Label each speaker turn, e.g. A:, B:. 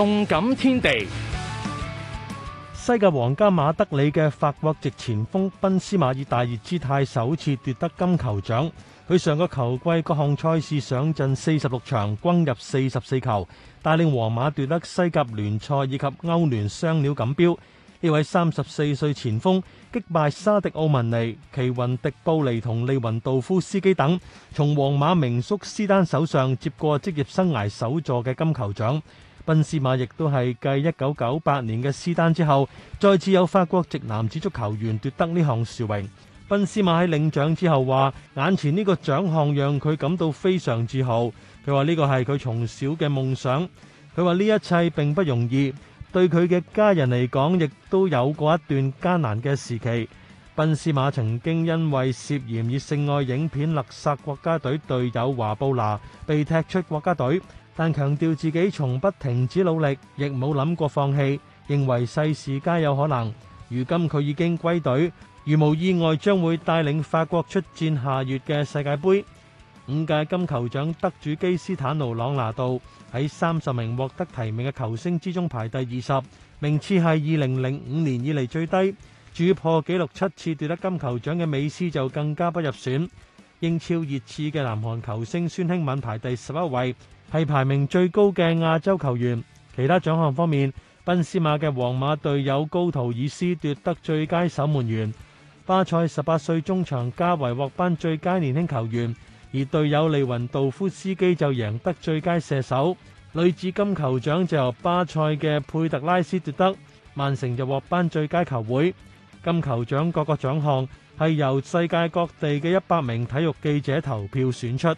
A: 動感天地，西甲皇家馬德里嘅法國籍前鋒賓斯馬以大熱姿態，首次奪得金球獎。佢上個球季各項賽事上陣四十六場，轟入四十四球，帶領皇馬奪得西甲聯賽以及歐聯雙料錦標。呢位三十四歲前鋒擊敗沙迪奧文尼、奇雲迪布尼同利雲道夫斯基等，從皇馬名宿施丹手上接過職業生涯首座嘅金球獎。賓斯馬亦都係繼1998年嘅施丹之後，再次有法國籍男子足球員奪得呢項殊榮。賓斯馬喺領獎之後話，眼前呢個獎項讓佢感到非常自豪。佢話呢個係佢從小嘅夢想。佢話呢一切並不容易。對佢嘅家人嚟講，亦都有過一段艱難嘅時期。賓斯馬曾經因為涉嫌以性愛影片勒殺國家隊隊友華布拿，被踢出國家隊。但強調自己從不停止努力，亦冇諗過放棄，認為世事皆有可能。如今佢已經歸隊，如無意外將會帶領法國出戰下月嘅世界杯。五屆金球獎得主基斯坦奴·朗拿度喺三十名獲得提名嘅球星之中排第二十，名次係二零零五年以嚟最低。主破紀錄七次奪得金球獎嘅美斯就更加不入選。英超熱刺嘅南韓球星孫興敏排第十一位。係排名最高嘅亞洲球員。其他獎項方面，賓斯馬嘅皇馬隊友高圖爾斯奪得最佳守門員，巴塞十八歲中場加維獲頒最佳年輕球員，而隊友利雲道夫斯基就贏得最佳射手。女子金球獎就由巴塞嘅佩特拉斯奪得，曼城就獲頒最佳球會。金球獎各個獎項係由世界各地嘅一百名體育記者投票選出。